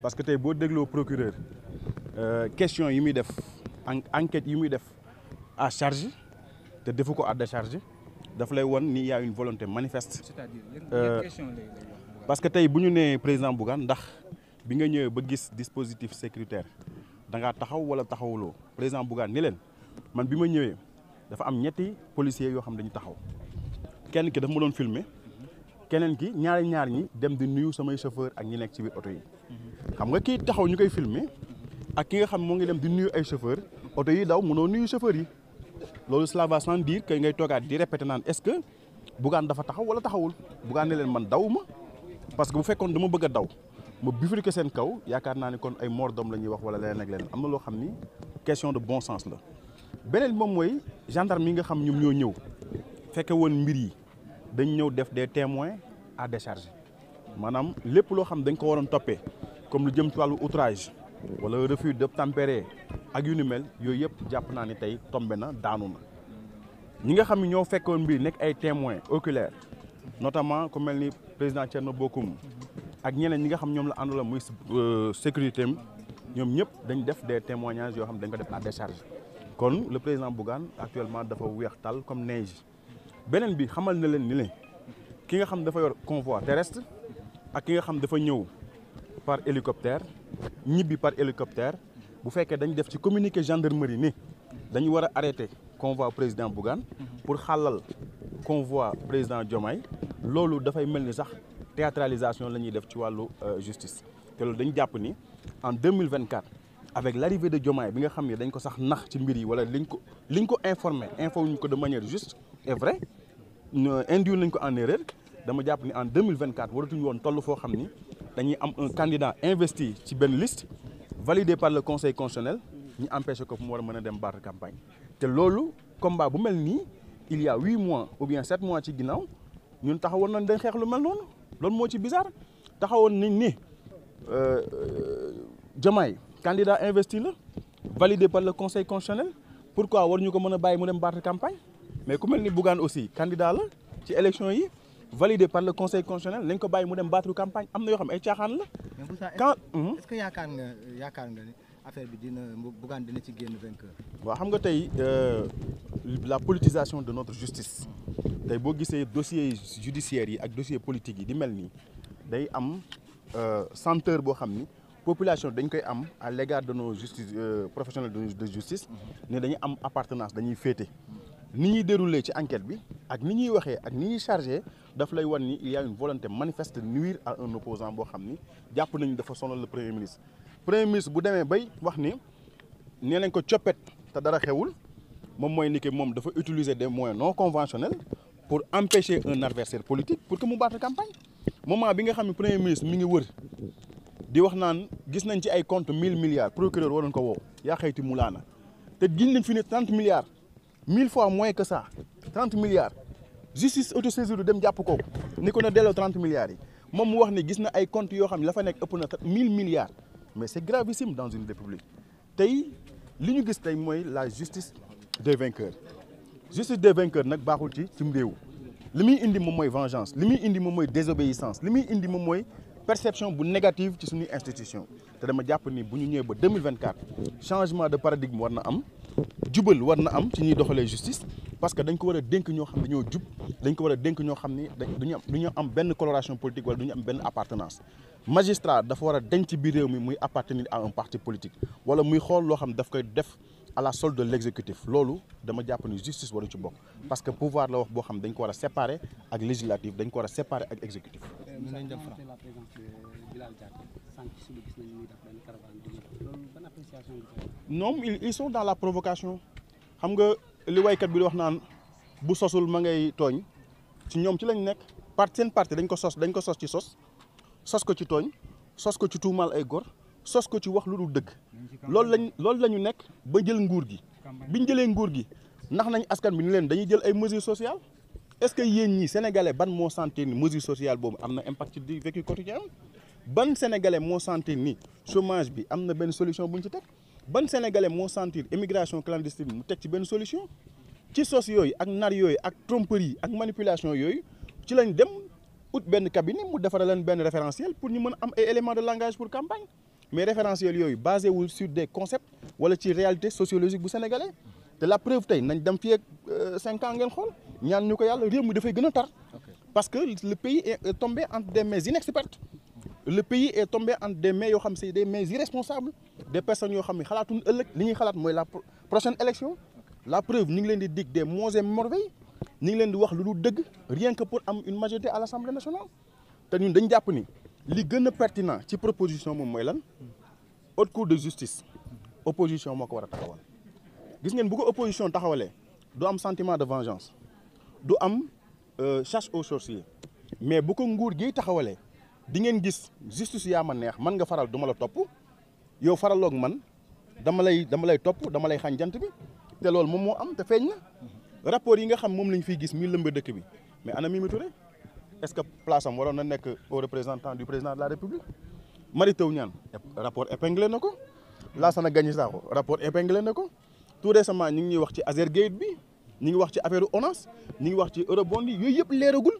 parce que tey boo dégloo procureur euh, question yi muy def enquête yi muy def à charge te defu ko à décharge daf lay won ni y a une volonté manifeste. cest à euh, parce que tey bu ñu nee président Bougane ndax bi nga ñëwee ba gis dispositif sécuritaire da ngaa taxaw wala taxawuloo président Bougane ni leen man bi ma ñëwee dafa am ñetti policiers yoo xam dañu taxaw kenn ki dafa ma doon filmer keneen ki ñaari ñaar ñi dem di nuyu samay chauffeur ak ñi nekk ci biir oto yi xam nga kii taxaw ñu koy filme ak ki nga xam moo ngi dem di nuyu ay chauffeur oto yi daw mënoo nuyu chauffeur yi loolu cela va sans dire ngay toogaat di répété naan est-ce que Bougane dafa taxaw wala taxawul Bougane ne leen man daw ma parce que bu fekkoon dama bëgg a daw ma bifurqué seen kaw yaakaar naa ni kon ay mor doom la ñuy wax wala leneen ak leneen am na loo xam ni question de bon sens la beneen moom mooy gendarme yi nga xam ñoom ñoo ñëw fekke woon mbir yi dañ ñëw def des témoins à décharge maanaam lépp loo xam dañ ko waroon toppee comme lu jëm ci wàllu outrage wala refus d'obtempérer ak yu ni mel yooyu yëpp jàpp naa ne tey tombé na daanu ñi nga xam ne ñoo fekkoon mbir nekk ay témoins oculaires notamment ku ni président Thierno Bocoum ak ñeneen ñi nga xam ñoom la àndula muy euh, sécurité am ñoom ñëpp dañ def des témoignages yoo xam dañ ko def a décharge kon le président Bougane actuellement dafa weex tal comme neige beneen bi xamal na leen ni leen ki nga xam dafa yor convoie terrestre ak ki nga xam dafa ñëw par hélicoptère ñibbi par hélicoptère bu fekkee dañ def ci communiqué gendarmerie ni dañu war a arrêté convoi président Bougane pour xàllal convoi président Diomaye loolu dafay mel ni sax théâtralisation la ñuy def ci wàllu euh, justice te loolu dañu jàpp ni en 2024 avec l'arrivée de Diomaye bi nga xam ne dañ ko sax nax ci mbir yi wala liñ ko liñ ko informé informé ñu ko de manière juste et indiw nañ ko en erreur dama jàpp ni en 2024 waratuñu woon toll foo xam ni dañuy am un candidat investi ci benn list validé par le conseil constitutionnel ñu empêché ko mu war mën a dem battre campagne te loolu combat bu mel nii il y huit mois ou bien sept mois ci ginnaaw ñun taxawoon nañ dañ xeex lu mel noonu loolu moo ci bizarre taxawoon nañ ni euh, Diomaye candidat investi la validé par le conseil constitutionnel pourquoi war ñu ko mën a bàyyi mu dem battre campagne mais ku mel ni Bougane aussi candidat la ci élection yi validé par le conseil constitutionnel nañ ko bàyyi mu dem battre campagne am na yoo xam ay caaxaan la. quand est-ce yaakaar nga yaakaar nga ni affaire bi dina Bougane dina ci génn vainqueur. waaw xam nga tey euh, la politisation de notre justice tey boo gisee dossiers judiciaires yi ak dossier politique yi di mel nii day am euh, senteur boo xam ni. population dañ koy am à l'égard de nos justice euh, professionnels de justice ne dañuy am appartenance dañuy féete ni ñuy déroulé ci enquête bi ak ni ñuy waxee ak ni ñuy chargé daf lay wan ni il y a une volonté manifeste nuire à un opposant boo xam ni jàpp nañu dafa sonal le premier ministre premier ministre bu demee bay wax ni nee nañ ko coppet te dara xewul moom mooy ni que moom dafa utiliser des moyens non conventionnels pour empêcher un adversaire politique pour que mu battre campagne moment bi nga xam ne premier ministre mi ngi wër di wax naan gis nañ ci ay compte mille milliards procureur waroon ko woo yaa xayti mulaana te giñ nañ fi ne mille fois moins que ça trente milliards justice autosaisir dem jàpp ko ni ko na delloo trente milliards yi moom mu wax ni gis na ay comptes yoo xam ne la fa nekk ëpp na mille milliards mais c'est gravissime dans une république tey li ñu gis tey mooy la justice des vainqueurs justice des vainqueurs nag baaxul ci cim réew li muy indi moom mooy vengeance li muy indi moom mooy désobéissance li muy indi moom mooy perception bu négative ci suñuy institution te dama jàpp ni bu ñu ñëwee ba 2024 changement de paradigme war na am jubal war na am ci ñuy doxalee justice parce que dañ ko war a dénk ñoo xam ne dañoo jub dañ ko war a dénk ñoo xam ni duñu am duñu am benn coloration politique wala duñu am benn appartenance magistrat dafa war a denc biir réew mi muy appartenir à un parti politique wala muy xool loo xam daf koy def à la solde de l'exécutif loolu dama jàpp ni justice waru ci bokk parce que pouvoir la wax boo xam dañ ko war a séparer ak législatif dañ ko war a séparer ak exécutif. non ils sont dans la provocation xam nga li waykat bi di wax naan bu sosul ma ngay tooñ ci ñoom ci lañ nekk parti seen parti dañ ko sos dañ ko sos ci sos sos ko ci tooñ sos ko ci tuumaal ay gor sos ko ci wax lu dul dëgg loolu lañ loolu la ñu nekk ba jël nguur gi biñ jëlee nguur gi ndax nañu askan bi ni leen dañuy jël ay mesures sociales est-ce que yéen ñi sénégalais ban moo sentir ni mesure sociale boobu am na impact ci di vécu quotidien ban sénégalais moo sentir ni chômage bi am na benn solution bu ñu ci teg ban sénégalais moo sentir immigration clandestine mu teg ci benn solution ci sos yooyu ak nar yooyu ak tromperie ak manipulation yooyu ci lañ dem ut benn cabinet mu defaral leen benn référentiel pour ñu mën am ay éléments de langage pour campagne mais référentiel yooyu basé wul sur des concepts wala ci réalité sociologique bu sénégalais te la preuve tey nañ dem fii ak euh, cinq ans ngeen xool ñaan ñu ko yàlla réew mi dafay gën a tar parce que le pays est tombé entre des mains inexpertes le pays est tombé entre des mains yoo xam c'est des mais irresponsables des personnes yoo xam ne xalaatuñ ëllëg li ñuy xalaat mooy la prochaine élection la preuve ñu ngi leen di dig des monts et merveilles ñu ngi leen di wax lu dul dëgg rien que pour am une majorité à l'Assemblée nationale te ñun dañ jàpp ni li gën a pertinent ci proposition moom mooy lan haute cour de justice opposition moo ko war a taxawal gis ngeen bu ko opposition taxawalee du am sentiment de vengeance du am euh, chasse aux sorciers mais bu ko nguur gi taxawalee di ngeen gis justice yaa ma neex man nga faral duma la topp yow faraloog man dama lay dama lay topp dama lay xañ jant bi te loolu moom moo am te feeñ na rapport yi nga xam moom lañ fiy gis muy lëmba dëkk bi mais ana Mimi Touré est-ce que place am na nekk au représentant du président de la république Mary Teuw Niane rapport épinglé na ko Lassana Gagny Sakho rapport épinglé na ko tout récemment ñu ngi ñuy wax ci Azergate bi ñi wax ci affaire ONAS ñu ñi wax ci eurobond yi yooyu yëpp leeragul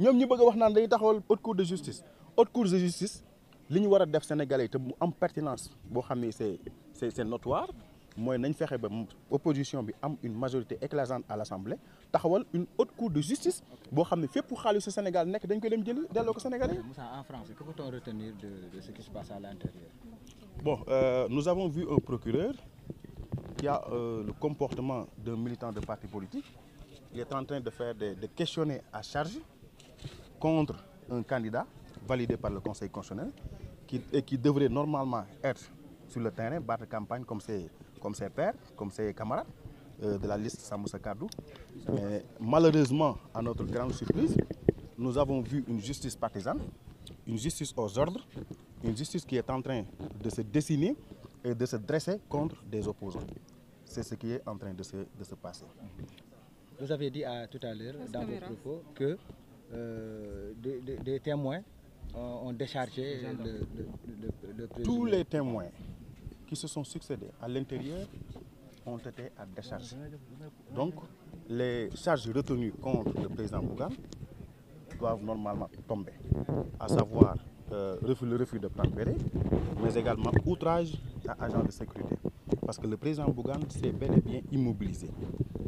ñoom ñu bëgg wax naan dañuy taxawal haute cour de justice haute cour de justice li ñu war a def sénégalais te mu am pertinence boo xam ne c'est c'est c'est notoire mooy nañ fexe ba opposition bi am une majorité écrasante à l'Assemblée taxawal une haute cour de justice boo xam ne fépp xaalisu Sénégal nekk dañ koy dem jëli delloo ko Sénégalais. Moussa en France que peut-on retenir de de ce qui se passe à l'intérieur? Bon, euh, nous avons vu un procureur qui a euh, le comportement d'un militant de parti politique. Il est en train de de questionner à charge contre un candidat validé par le Conseil constitutionnel qui et qui devrait normalement être sur le terrain battre campagne comme c'est comme ses pères, comme ses camarades euh, de la liste Samoussa Kadou. Mais malheureusement, à notre grande surprise, nous avons vu une justice partisane, une justice aux ordres, une justice qui est en train de se dessiner et de se dresser contre des opposants. C'est ce qui est en train de se, de se passer. Vous dans vos propos que euh, des, des, des témoins ont Tous les témoins qui se sont succédé à l'intérieur ont été à décharge. Donc, les charges retenues contre le président Bougane doivent normalement tomber, à savoir euh, le refus de Pambéré, mais également outrage à agents de sécurité. Parce que le président Bougane s'est bel et bien immobilisé.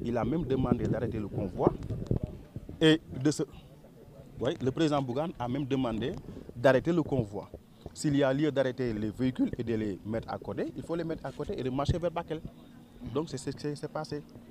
Il même demandé d'arrêter le convoi le président Bougane a même demandé d'arrêter le convoi s'il y a lieu d'arrêter les véhicules de les mettre à côté il faut les mettre à côté et de marcher vers Bakel donc c'est ce qui s'est passé